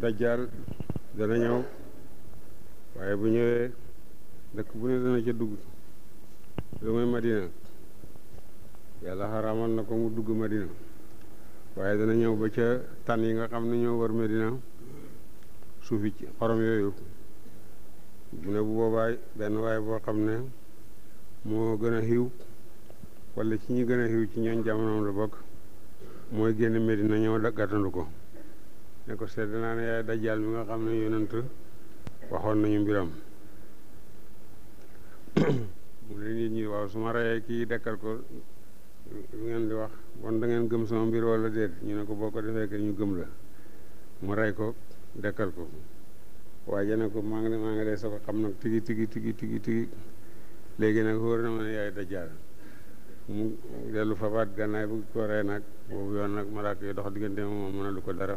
dajjaal dana ñëw waaye bu ñëwee dëkk bu ne dana ca dugg lu may madina yàlla xaraamal na ko mu dugg madina waaye dana ñëw ba ca tan yi nga xam ne ñoo war madina suufi xorom yooyu bu ne bu boobaay benn waaye boo xam ne moo gën a xiw wala ci ñi gën a xiw ci ñooñ jamonoom la bokk mooy génn medina ñëw gàttandu ko ne ko sedd naa ne yaay dajjaal mi nga xam ne yonent waxoon nañu mbiram mu ne nit ñi waaw su ma reyee kii dekkal ko lu ngeen di wax bon dangeen gëm sama mbir wala déet ñu ne ko boo ko defee ñu gëm la mu rey ko dekkal ko waaye ne ko maa ngi maa ngi lay soo ko xam nag tigi tigi tigi tigi tigi léegi nag wóor na ma ne yaay dajjaal mu dellu fabaat gànnaay bu ko rey nag boobu yoon nag malaat yi dox diggante moom mën a lu ko dara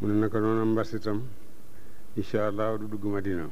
mu ne naka noonu mbas itam incha allah du dugg Madina